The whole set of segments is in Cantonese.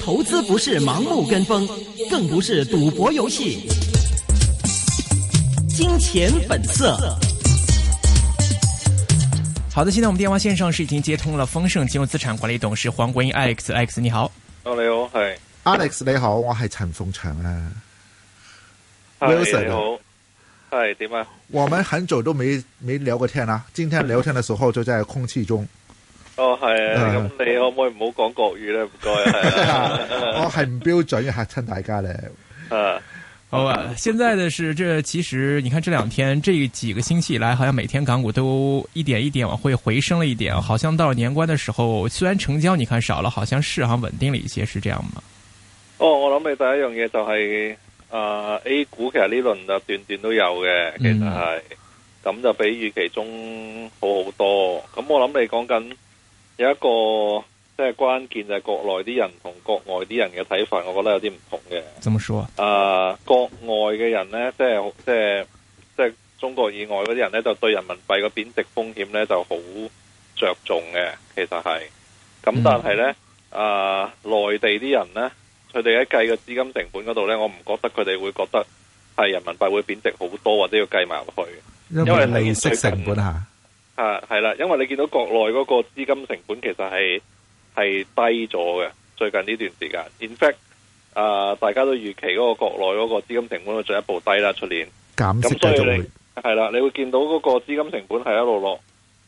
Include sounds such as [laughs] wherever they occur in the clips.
投資不是盲目跟風，oh, yeah, yeah, yeah. 更不是賭博遊戲。金錢本色。好的，現在我們電話線上是已經接通了。豐盛金融資產管理董事黃國英 Alex 你好。哦，你好，係 Alex 你好，我係陳鳳長啊。Wilson，你好。係點啊？我們很久都沒沒聊過天啦，啊。今天聊天的時候就在空氣中。哦係啊，咁、啊、你可唔可以唔好講國語咧？唔該，是啊、 [laughs] 我係唔標準吓親 [laughs] 大家咧、啊。好啊！現在的是這，這其實，你看這兩天，這幾個星期以來，好像每天港股都一點一點往會回升了一點，好像到年關的時候，雖然成交你看少了，好像市行穩定了一些，是這樣嗎？哦，我諗你第一樣嘢就係、是，誒、呃、，A 股其實呢輪嘅段段都有嘅，其實係咁就比預期中好好多。咁我諗你講緊。有一個即係關鍵就係、是、國內啲人同國外啲人嘅睇法，我覺得有啲唔同嘅。怎麼說啊、呃？國外嘅人呢，即係即係即係中國以外嗰啲人呢，就對人民幣嘅貶值風險呢就好着重嘅。其實係咁，但係呢，啊、嗯呃，內地啲人呢，佢哋喺計個資金成本嗰度呢，我唔覺得佢哋會覺得係人民幣會貶值好多或者要計埋落去，因是，因為利息成本吓。啊，係啦，因為你見到國內嗰個資金成本其實係係低咗嘅，最近呢段時間。in fact，啊、呃，大家都預期嗰個國內嗰個資金成本會進一步低啦，出年減息，咁所以你，係啦，你會見到嗰個資金成本係一路落，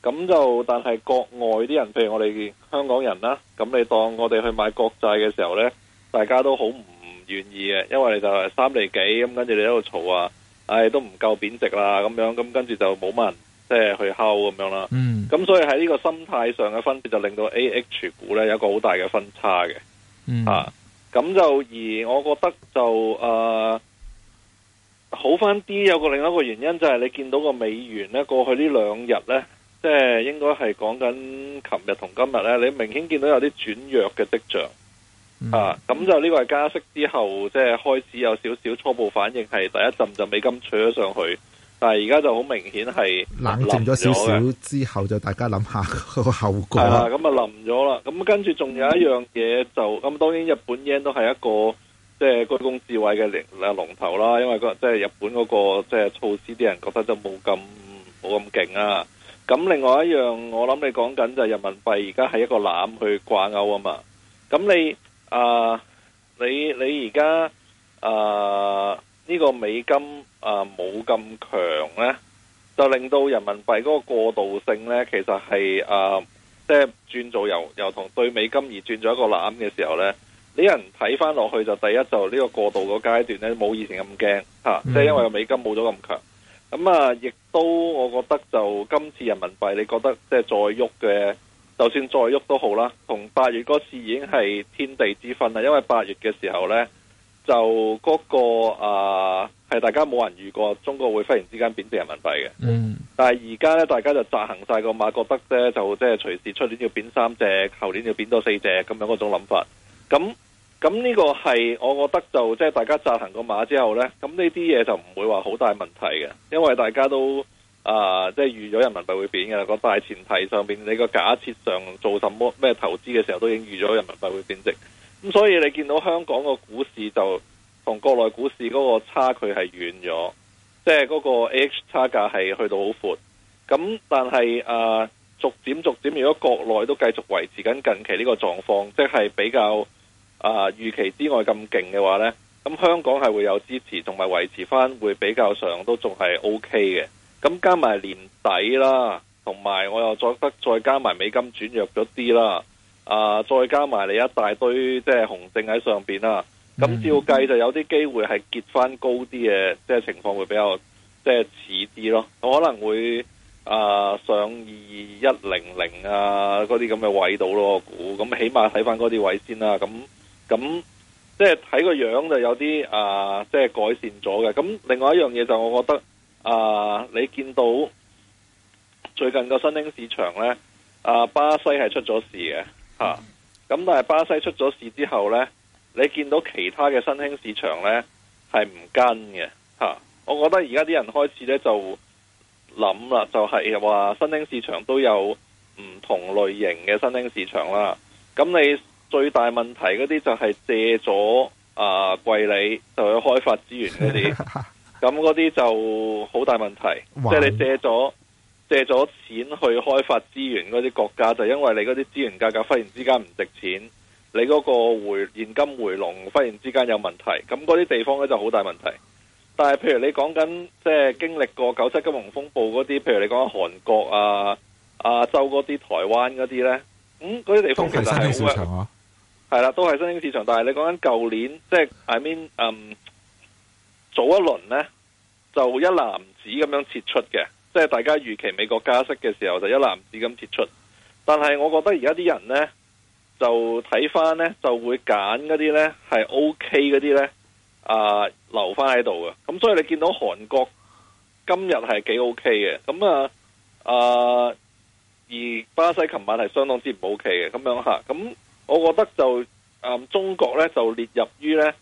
咁就但係國外啲人，譬如我哋香港人啦，咁你當我哋去買國債嘅時候呢，大家都好唔願意嘅，因為就係三厘幾，咁跟住你喺度嘈啊，唉、哎，都唔夠貶值啦，咁樣，咁跟住就冇問。即、就、係、是、去敲咁樣啦，咁、嗯、所以喺呢個心態上嘅分別就令到 AH 股咧有一個好大嘅分差嘅、嗯，啊，咁就而我覺得就誒、啊、好翻啲，有個另一個原因就係你見到個美元咧過去兩呢兩日咧，即、就、係、是、應該係講緊琴日同今日咧，你明顯見到有啲轉弱嘅跡象、嗯，啊，咁就呢個係加息之後即係、就是、開始有少少初步反應，係第一陣就美金取咗上去。但係而家就好明顯係冷靜咗少少之後，就大家諗下個後果。係啊，咁啊，臨咗啦。咁跟住仲有一樣嘢就，咁當然日本 yen 都係一個即係、就是、居功至偉嘅領啊龍頭啦。因為個即係日本嗰、那個即係、就是、措施，啲人覺得就冇咁冇咁勁啊。咁另外一樣，我諗你講緊就人民幣而家係一個攬去掛鈎啊嘛。咁你啊、呃，你你而家啊。呃呢、這個美金啊冇咁強呢，就令到人民幣嗰個過渡性呢，其實係啊，即、呃、係、就是、轉咗由由同對美金而轉咗一個籃嘅時候呢，你人睇翻落去，就第一就呢個過渡個階段呢，冇以前咁驚嚇，即、啊、係、就是、因為美金冇咗咁強。咁啊，亦都我覺得就今次人民幣，你覺得即係再喐嘅，就算再喐都好啦，同八月嗰次已經係天地之分啦，因為八月嘅時候呢。就嗰、那個啊，係、呃、大家冇人預過中國會忽然之間貶值人民幣嘅。嗯。但係而家咧，大家就扎行晒個馬，覺得咧就即係隨時出年要貶三隻，後年要貶多四隻咁樣嗰種諗法。咁咁呢個係我覺得就即係、就是、大家扎行個馬之後咧，咁呢啲嘢就唔會話好大問題嘅，因為大家都啊，即、呃、係、就是、預咗人民幣會貶嘅啦。個大前提上邊，你個假設上做乜咩投資嘅時候，都已經預咗人民幣會貶值。咁、嗯、所以你見到香港個股市就同國內股市嗰個差距係遠咗，即係嗰個 A H 差價係去到好闊。咁但係啊，逐漸逐漸，如果國內都繼續維持緊近期呢個狀況，即、就、係、是、比較啊預期之外咁勁嘅話呢，咁香港係會有支持，同埋維持翻會比較上都仲係 O K 嘅。咁加埋年底啦，同埋我又覺得再加埋美金轉弱咗啲啦。啊、呃！再加埋你一大堆，即係紅證喺上邊啦、啊。咁照計就有啲機會係結翻高啲嘅，即係情況會比較即係似啲咯。可能會、呃、上2100啊，上二一零零啊嗰啲咁嘅位度咯，我估，咁起碼睇，翻嗰啲位先啦。咁咁即係睇個樣就有啲啊、呃，即係改善咗嘅。咁另外一樣嘢，就我覺得啊、呃，你見到最近個新興市場呢，啊、呃、巴西係出咗事嘅。吓、嗯、咁、啊、但係巴西出咗事之後呢，你見到其他嘅新興市場呢係唔跟嘅，吓、啊，我覺得而家啲人開始呢就諗啦，就係、是、話新興市場都有唔同類型嘅新興市場啦。咁你最大問題嗰啲就係借咗啊貴利，就要開發資源嗰啲，咁嗰啲就好大問題，即係、就是、你借咗。借咗錢去開發資源嗰啲國家，就因為你嗰啲資源價格忽然之間唔值錢，你嗰個回現金回籠忽然之間有問題，咁嗰啲地方咧就好大問題。但係譬如你講緊即係經歷過九七金融風暴嗰啲，譬如你講緊韓國啊啊，亞洲嗰啲台灣嗰啲呢，咁嗰啲地方其實係市場啊，係啦，都係新興市場。但係你講緊舊年，即係，I mean，嗯，早一輪呢，就一籃子咁樣撤出嘅。即係大家預期美國加息嘅時候就一籃子咁撤出，但係我覺得而家啲人呢，就睇翻呢，就會揀嗰啲呢，係 O K 嗰啲呢，啊留翻喺度嘅，咁所以你見到韓國今日係幾 O K 嘅，咁啊啊而巴西琴晚係相當之唔 OK 嘅，咁樣吓，咁我覺得就啊中國呢，就列入於呢，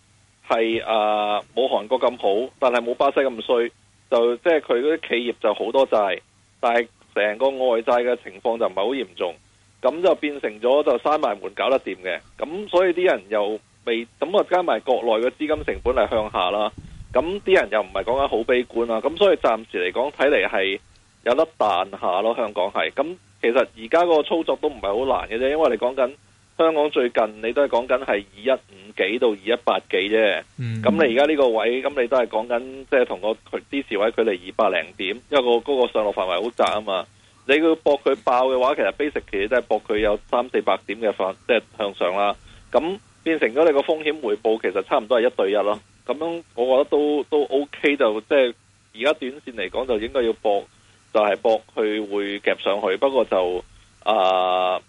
係啊冇韓國咁好，但係冇巴西咁衰。就即係佢嗰啲企業就好多債，但係成個外債嘅情況就唔係好嚴重，咁就變成咗就閂埋門搞得掂嘅，咁所以啲人又未，咁啊加埋國內嘅資金成本係向下啦，咁啲人又唔係講緊好悲觀啦，咁所以暫時嚟講睇嚟係有得彈下咯，香港係，咁其實而家個操作都唔係好難嘅啫，因為你講緊。香港最近你都係講緊係二一五幾到二一八幾啫，咁、嗯嗯、你而家呢個位，咁你都係講緊，即係同個支持位佢離二百零點，因為個嗰個上落範圍好窄啊嘛。你要搏佢爆嘅話，其實 basic 其實都係搏佢有三四百點嘅放，即係向上啦。咁變成咗你個風險回報其實差唔多係一對一咯。咁樣我覺得都都 OK，就即係而家短線嚟講就應該要搏，就係搏佢會夾上去。不過就啊。呃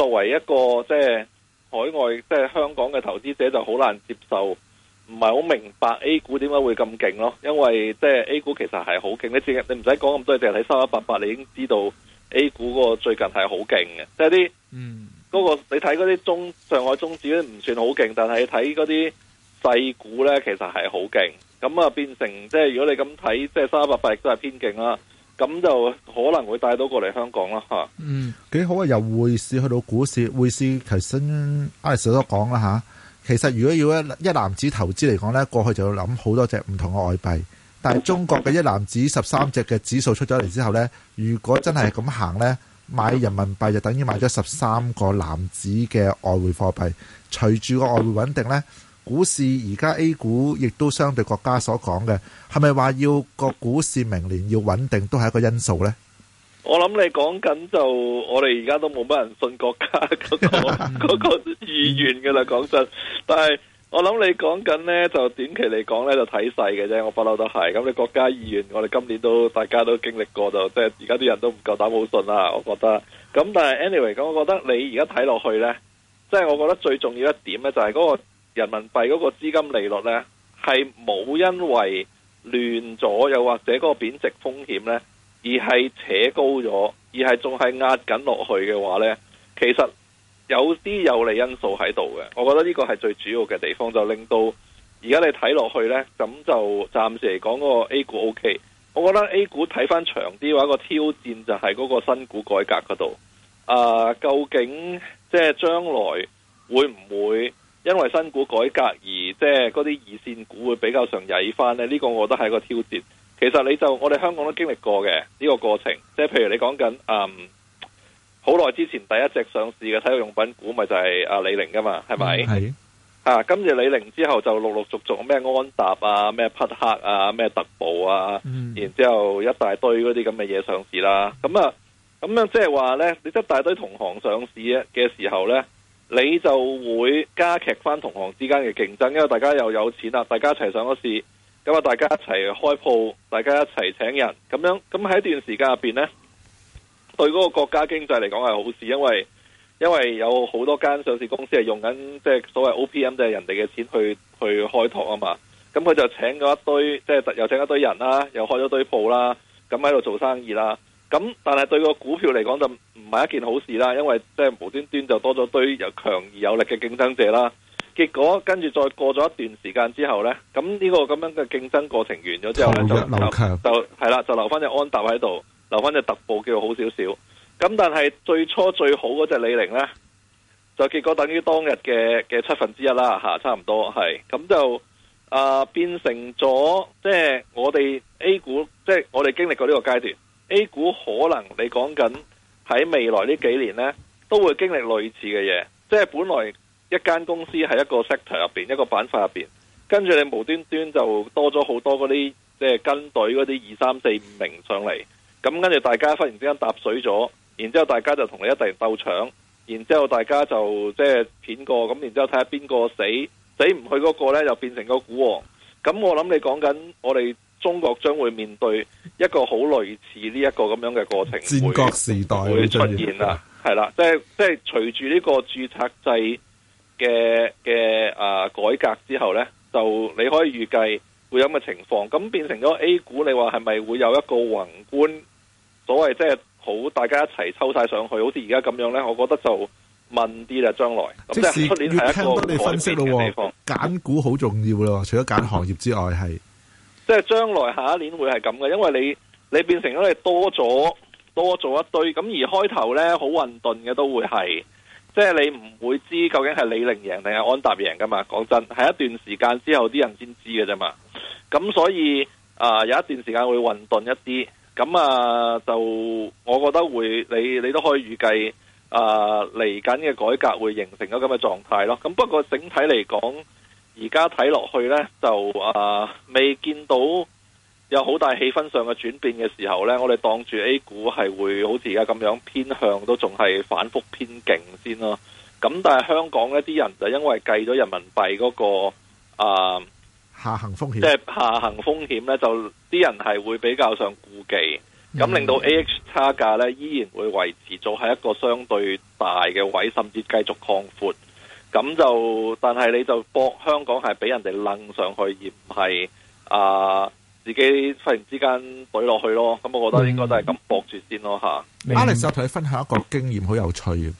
作為一個即係、就是、海外即係、就是、香港嘅投資者就好難接受，唔係好明白 A 股點解會咁勁咯？因為即係、就是、A 股其實係好勁，你知你唔使講咁多，淨係睇三一八八，你已經知道 A 股嗰個最近係好勁嘅。即係啲嗯嗰個你睇嗰啲中上海中指都唔算好勁，但係睇嗰啲細股呢，其實係好勁。咁啊變成即係、就是、如果你咁睇，即係三一八八亦都係偏勁啦。咁就可能會帶到過嚟香港啦，嗯幾好啊！由匯市去到股市，匯市其實阿 Sir 都講啦。其實如果要一一籃子投資嚟講呢，過去就要諗好多隻唔同嘅外幣，但係中國嘅一籃子十三隻嘅指數出咗嚟之後呢，如果真係咁行呢，買人民幣就等於買咗十三個籃子嘅外匯貨幣，隨住個外匯穩定呢。股市而家 A 股亦都相對國家所講嘅，係咪話要個股市明年要穩定都係一個因素呢？我諗你講緊，就我哋而家都冇乜人信國家嗰個嗰 [laughs] 個意願嘅啦，講真。但係我諗你講緊呢，就短期嚟講呢，就睇細嘅啫，我不嬲都係。咁你國家意願，我哋今年都大家都經歷過就即係而家啲人都唔夠膽好信啦。我覺得咁，但係 anyway 咁，我覺得你而家睇落去呢，即係我覺得最重要一點呢，就係嗰個。人民幣嗰個資金利率呢，係冇因為亂咗，又或者個貶值風險呢，而係扯高咗，而係仲係壓緊落去嘅話呢，其實有啲有利因素喺度嘅。我覺得呢個係最主要嘅地方，就令到而家你睇落去呢，咁就暫時嚟講個 A 股 OK。我覺得 A 股睇翻長啲話，個挑戰就係嗰個新股改革嗰度啊。究竟即係將來會唔會？因為新股改革而即係嗰啲二線股會比較上曳翻呢，呢個我覺得係一個挑戰。其實你就我哋香港都經歷過嘅呢、呢個過程，即係譬如你講緊嗯，好耐之前第一隻上市嘅體育用品股咪就係阿李寧噶嘛，係咪？係、嗯、啊，今次李寧之後就陸陸續續咩安踏啊、咩匹克啊、咩特步啊，嗯、然之後一大堆嗰啲咁嘅嘢上市啦。咁啊，咁樣即係話呢，你一大堆同行上市嘅時候呢。你就會加劇返同行之間嘅競爭，因為大家又有錢啦，大家一齊上咗市，咁啊大家一齊開鋪，大家一齊請人，咁樣咁喺一段時間入邊呢，對嗰個國家經濟嚟講係好事，因為因為有好多間上市公司係用緊即係所謂 OPM，即係人哋嘅錢去去開拓啊嘛，咁佢就請咗一堆即係又請一堆人啦，又開咗堆鋪啦，咁喺度做生意啦。咁，但係對個股票嚟講就唔係一件好事啦，因為即係無端端就多咗堆有強而有力嘅競爭者啦。結果跟住再過咗一段時間之後呢，咁呢個咁樣嘅競爭過程完咗之後呢，就留強就係啦，就留翻隻安踏喺度，留翻隻特步叫好少少。咁但係最初最好嗰隻李寧呢，就結果等於當日嘅嘅七分之一啦吓，差唔多係咁就啊、呃，變成咗即係我哋 A 股，即係我哋經歷過呢個階段。A 股可能你講緊喺未來呢幾年呢，都會經歷類似嘅嘢，即係本來一間公司喺一個 sector 入邊，一個板塊入邊，跟住你無端端就多咗好多嗰啲即係跟隊嗰啲二三四五名上嚟，咁跟住大家忽然之間踏水咗，然之後大家就同你一定鬥搶，然之後大家就即係片過咁，然之後睇下邊個死死唔去嗰個呢，就變成個股王。咁我諗你講緊我哋。中國將會面對一個好類似呢一個咁樣嘅過程，戰國時代會出現啦。係 [laughs] 啦，即係即係隨住呢個註冊制嘅嘅啊改革之後咧，就你可以預計會有咁嘅情況。咁變成咗 A 股，你話係咪會有一個宏觀所謂即係好大家一齊抽晒上去，好似而家咁樣咧？我覺得就問啲啦，將來即係出年係一個你分析嘅地方，揀股好重要啦。除咗揀行業之外，係。即係將來下一年會係咁嘅，因為你你變成咗你多咗多做一堆，咁而開頭呢，好混沌嘅都會係，即係你唔會知究竟係李寧贏定係安踏贏噶嘛？講真，係一段時間之後啲人先知嘅啫嘛。咁所以啊、呃，有一段時間會混沌一啲，咁啊就我覺得會你你都可以預計啊嚟緊嘅改革會形成咗個咁嘅狀態咯。咁不過整體嚟講。而家睇落去呢，就啊未見到有好大氣氛上嘅轉變嘅時候呢，我哋當住 A 股係會好似而家咁樣偏向，都仲係反復偏勁先咯。咁但係香港一啲人就因為計咗人民幣嗰個啊下行風險，即係下行風險呢，就啲人係會比較上顧忌，咁令到 A H 差價呢依然會維持做係一個相對大嘅位，甚至繼續擴闊。咁就，但係你就博香港係俾人哋掹上去，而唔係啊自己忽然之間懟落去咯。咁、嗯、我覺得應該都係咁搏住先咯，吓、嗯。Alex 同你分享一個經驗，好有趣嘅。誒、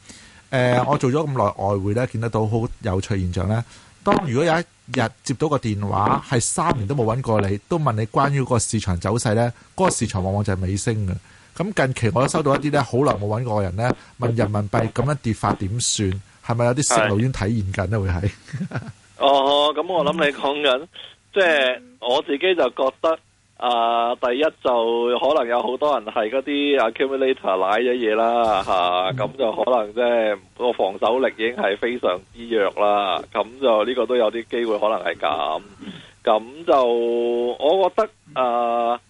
呃，我做咗咁耐外匯咧，見得到好有趣現象咧。當如果有一日接到個電話，係三年都冇搵過你，都問你關於個市場走勢咧，嗰、那個市場往往就係尾聲嘅。咁近期我都收到一啲咧，好耐冇搵過人咧，問人民幣咁樣跌法點算？係咪有啲線路已經體驗緊咧？會係 [laughs] 哦，咁我諗你講緊、嗯，即係我自己就覺得，啊、呃，第一就可能有好多人係嗰啲 accumulator 奶咗嘢啦咁、啊嗯、就可能即係個防守力已經係非常之弱啦，咁就呢、呢個都有啲機會可能係咁，咁就我覺得啊。呃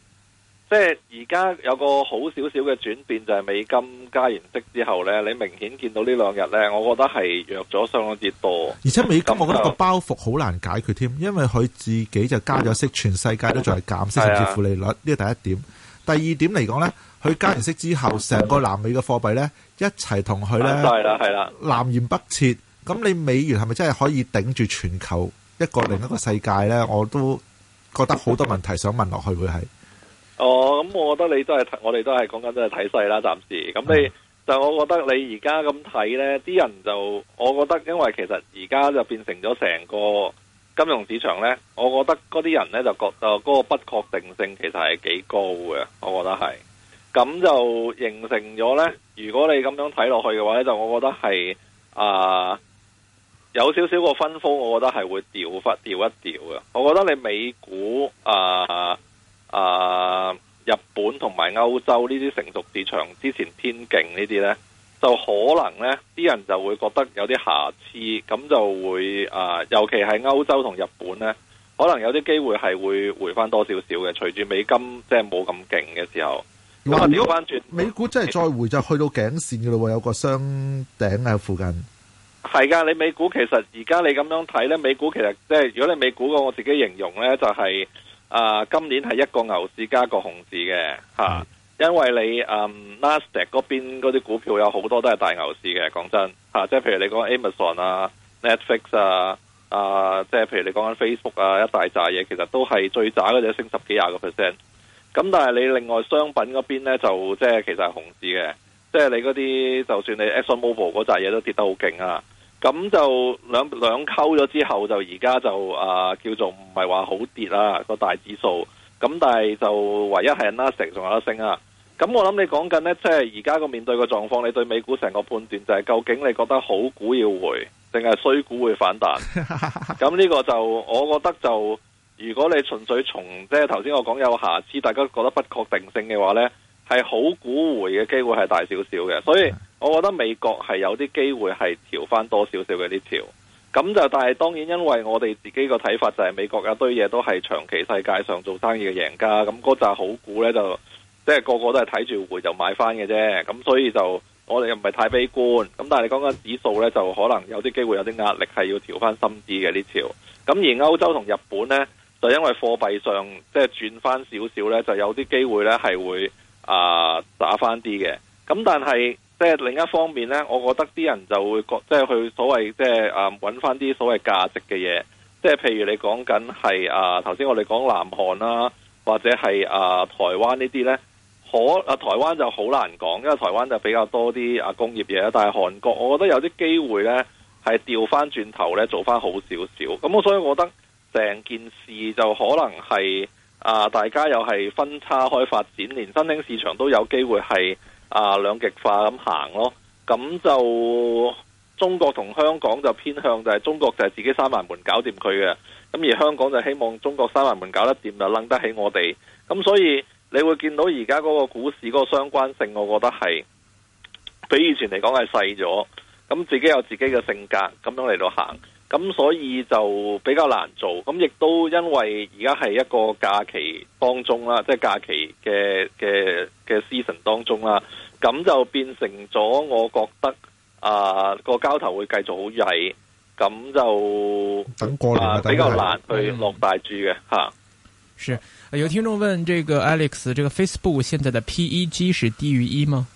即係而家有個好少少嘅轉變，就係、是、美金加完息之後呢，你明顯見到呢兩日呢，我覺得係弱咗，相當之多。而且美金，我覺得個包袱好難解決添，因為佢自己就加咗息，全世界都仲係減息，甚至負利率呢。第一點，第二點嚟講呢，佢加完息之後，成個南美嘅貨幣呢，一齊同佢呢係啦係啦，南轅北轍咁，你美元係咪真係可以頂住全球一個另一個世界呢，我都覺得好多問題想問落去會，會係。哦，咁、嗯、我覺得你都係，我哋都係講緊都係睇細啦，暫時。咁你就我覺得你而家咁睇呢啲人就，我覺得因為其實而家就變成咗成個金融市場呢。我覺得嗰啲人呢，就覺得嗰個不確定性其實係幾高嘅，我覺得係。咁就形成咗呢。如果你咁樣睇落去嘅話呢就我覺得係啊，有少少個分風，我覺得係會掉翻掉一掉嘅。我覺得你美股啊。啊、呃！日本同埋歐洲呢啲成熟市場之前偏勁呢啲呢，就可能呢啲人就會覺得有啲瑕疵，咁就會、呃、尤其係歐洲同日本呢，可能有啲機會係會回翻多少少嘅。隨住美金即係冇咁勁嘅時候，如果美股真係再回就去到頸線嘅咯，有個雙頂喺附近。係噶，你美股其實而家你咁樣睇呢，美股其實即係如果你美股個我自己形容呢，就係、是。啊，今年係一個牛市加一個熊市嘅。吓、啊，因為你誒，納斯達克嗰邊嗰啲股票有好多都係大牛市嘅，講真吓、啊，即係譬如你講 Amazon 啊、Netflix 啊，啊，即係譬如你講緊 Facebook 啊，一大扎嘢，其實都係最渣嗰隻升十幾廿個 percent，咁但係你另外商品嗰邊咧就即係其實係熊市嘅，即係你嗰啲就算你 Exxon Mobil 嗰扎嘢都跌得好勁啊。咁就兩兩溝咗之後就就，就而家就啊叫做唔係話好跌啦、啊、個大指數。咁但係就唯一係納斯仲有得升啦、啊、咁我諗你講緊呢，即係而家個面對個狀況，你對美股成個判斷就係、是、究竟你覺得好股要回，定係衰股會反彈？咁 [laughs] 呢個就我覺得就如果你純粹從即係頭先我講有瑕疵，大家覺得不確定性嘅話呢係好股回嘅機會係大少少嘅，所以。我覺得美國係有啲機會係調翻多少少嘅呢條，咁就但係當然，因為我哋自己個睇法就係美國有一堆嘢都係長期世界上做生意嘅贏家，咁嗰扎好股呢，就即係、就是、個個都係睇住回就買翻嘅啫，咁所以就我哋又唔係太悲觀，咁但係你講緊指數呢，就可能有啲機會有啲壓力係要調翻深啲嘅呢條，咁而歐洲同日本呢，就因為貨幣上即係轉翻少少呢，就有啲機會呢係會啊、呃、打翻啲嘅，咁但係。即係另一方面呢，我覺得啲人就會覺，即係去所謂即係揾翻啲所謂價值嘅嘢，即係譬如你講緊係啊頭先我哋講南韓啦，啊，或者係啊台灣呢啲呢，可啊台灣就好難講，因為台灣就比較多啲啊工業嘢，但係韓國我覺得有啲機會呢係調翻轉頭呢，做翻好少少，咁我所以我覺得成件事就可能係啊大家又係分叉開發展，連新興市場都有機會係。啊，兩極化咁行咯，咁就中國同香港就偏向就係、是，中國就係自己閂埋門搞掂佢嘅，咁而香港就希望中國閂埋門搞得掂就楞得起我哋，咁所以你會見到而家嗰個股市嗰個相關性，我覺得係比以前嚟講係細咗，咁自己有自己嘅性格，咁樣嚟到行。咁所以就比較難做，咁亦都因為而家係一個假期當中啦，即係假期嘅嘅嘅 season 當中啦，咁就變成咗我覺得啊個交投會繼續好曳，咁就啊比較難去落大注嘅吓。是有聽眾問這個 Alex，這個 Facebook 現在的 PEG 是低於一嗎？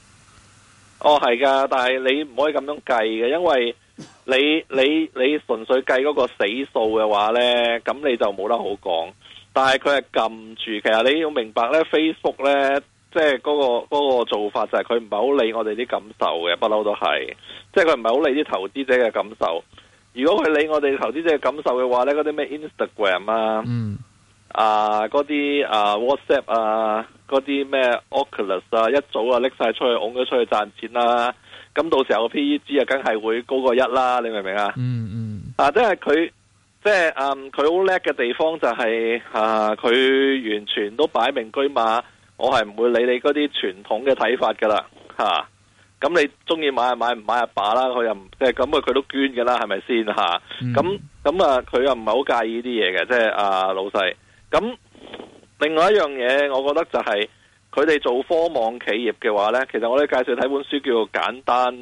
哦係噶，但係你唔可以咁樣計嘅，因為。你你你純粹計嗰個死數嘅話呢，咁你就冇得好講。但係佢係撳住，其實你要明白呢，Facebook 呢，即係嗰個、嗰個做法就係佢唔係好理我哋啲感受嘅，就是、不嬲都係，即係佢唔係好理啲投資者嘅感受。如果佢理我哋投資者嘅感受嘅話呢，嗰啲咩 Instagram 啊，嗯。啊，嗰啲啊 WhatsApp 啊，嗰啲咩 Oculus 啊，一早啊拎晒出去，㧬佢出去賺錢啦。咁到時候個 PEG 啊，梗係會高過一啦。你明唔明啊？嗯嗯。啊，即係佢，即係啊，佢好叻嘅地方就係、是、啊，佢完全都擺明居馬，我係唔會理你嗰啲傳統嘅睇法噶啦。吓、啊，咁你中意買啊買，唔買啊罷啦。佢又唔即係咁啊，佢都捐噶啦，係咪先吓？咁咁啊，佢、嗯、又唔係好介意啲嘢嘅，即係啊老細。咁另外一樣嘢，我覺得就係佢哋做科網企業嘅話呢，其實我哋介紹睇本書叫做《簡單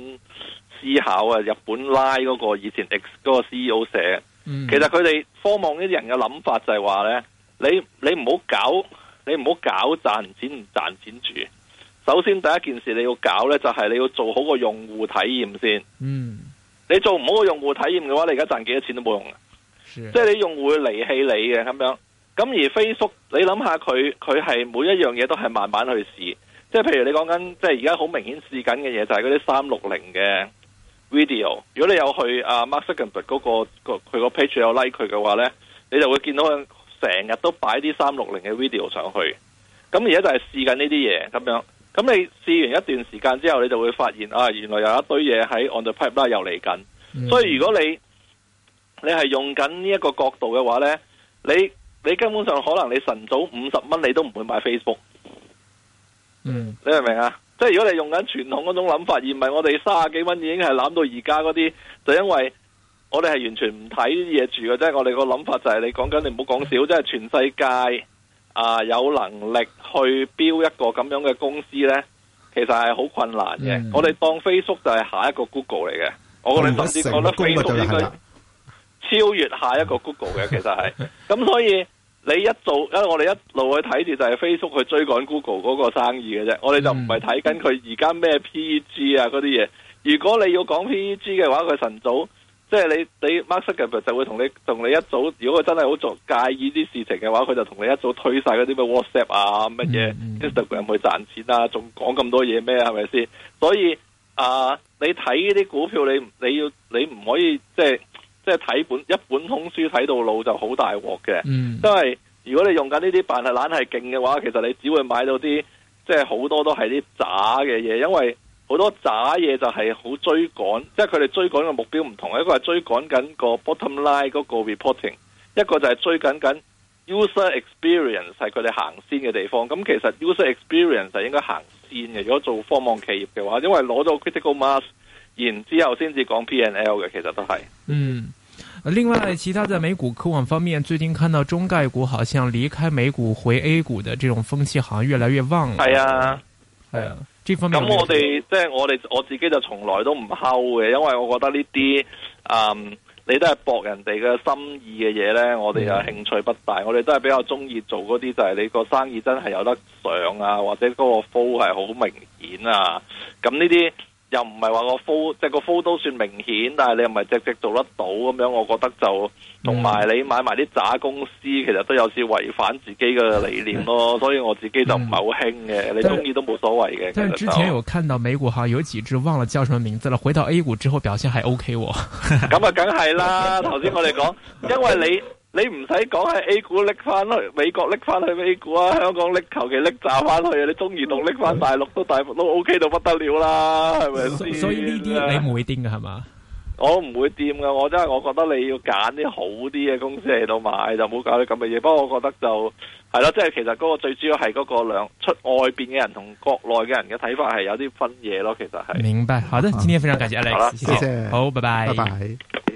思考》啊，日本 LINE 嗰個以前 X 嗰個 CEO 寫、嗯，其實佢哋科網啲人嘅諗法就係話呢，你你唔好搞，你唔好搞賺錢唔賺錢住。首先第一件事你要搞呢，就係你要做好個用戶體驗先。嗯，你做唔好個用戶體驗嘅話，你而家賺幾多錢都冇用即係、係、你用戶會離棄你嘅咁樣。咁而 Facebook，你諗下佢佢係每一樣嘢都係慢慢去試，即係譬如你講緊，即係而家好明顯試緊嘅嘢就係嗰啲三六零嘅 video。如果你有去啊 Messenger 嗰個佢個 page 有 like 佢嘅話呢，你就會見到佢成日都擺啲三六零嘅 video 上去。咁而家就係試緊呢啲嘢咁樣。咁你試完一段時間之後，你就會發現啊，原來有一堆嘢喺 on the Pipeline 又嚟緊、嗯。所以如果你你係用緊呢一個角度嘅話呢，你。你根本上可能你晨早五十蚊你都唔會買 Facebook，嗯，你明唔明啊？即係如果你用緊傳統嗰種諗法，而唔係我哋卅幾蚊已經係攬到而家嗰啲，就因為我哋係完全唔睇嘢住嘅啫。我哋個諗法就係你講緊你唔好講少，即、嗯、係、就是、全世界啊、呃，有能力去標一個咁樣嘅公司咧，其實係好困難嘅、嗯。我哋當 Facebook 就係下一個 Google 嚟嘅，我哋甚至覺得 Facebook 應該超越下一個 Google 嘅、嗯，其實係咁，嗯、所以。你一做，因為我哋一路去睇住就係 Facebook 去追趕 Google 嗰個生意嘅啫，我哋就唔係睇緊佢而家咩 PEG 啊嗰啲嘢。如果你要講 PEG 嘅話，佢晨早即係、就是、你你 Mark Zuckerberg 就會同你同你一早，如果佢真係好做介意啲事情嘅話，佢就同你一早推晒嗰啲咩 WhatsApp 啊乜嘢，Instagram 去賺錢啊，仲講咁多嘢咩？係咪先？所以啊、呃，你睇呢啲股票，你你要你唔可以即係。就是即係睇本一本通書睇到老就好大鑊嘅，嗯，因為如果你用緊呢啲扮係懶係勁嘅話，其實你只會買到啲即係好多都係啲渣嘅嘢，因為好多渣嘢就係好追趕，即係佢哋追趕嘅目標唔同，一個係追趕緊個 bottom line 嗰個 reporting，一個就係追緊緊 user experience 係佢哋行先嘅地方。咁其實 user experience 係應該行先嘅，如果做科網企業嘅話，因為攞咗 critical mass。然之後先至講 P&L 嘅，其實都係嗯。另外，其他在美股科網方面，最近看到中概股好像離開美股回 A 股的這種風氣，好像越來越旺。係啊，係啊，呢方面咁、嗯、我哋即係我哋我自己就從來都唔拋嘅，因為我覺得呢啲，嗯，你都係博人哋嘅心意嘅嘢呢，我哋就興趣不大。是啊、我哋都係比較中意做嗰啲就係、是、你個生意真係有得上啊，或者嗰個 flow 係好明顯啊。咁呢啲。又唔係話個 full 即係個 full 都算明顯，但係你又唔係只只做得到咁樣，我覺得就同埋你買埋啲渣公司，其實都有少違反自己嘅理念咯。所以我自己就唔係好興嘅，你中意都冇所謂嘅。但係之前有看到美股吓有幾隻，忘了叫什麼名字啦。回到 A 股之後表現還 OK 喎。咁 [laughs] 啊，梗係啦，頭先我哋講，因為你。你唔使講喺 A 股拎翻去美國，拎翻去美股啊，香港拎求其拎炸翻去啊！你中意同拎翻大陸都大都 O K 到不得了啦，係咪？所以呢啲你唔會癲噶係嘛？我唔會癲噶，我真係我覺得你要揀啲好啲嘅公司嚟到買，就唔好搞啲咁嘅嘢。不過我覺得就係咯，即係其實嗰個最主要係嗰個兩出外邊嘅人同國內嘅人嘅睇法係有啲分嘢咯。其實係明白。好的，今天非常感謝 Alex，謝謝。好，拜拜，拜拜。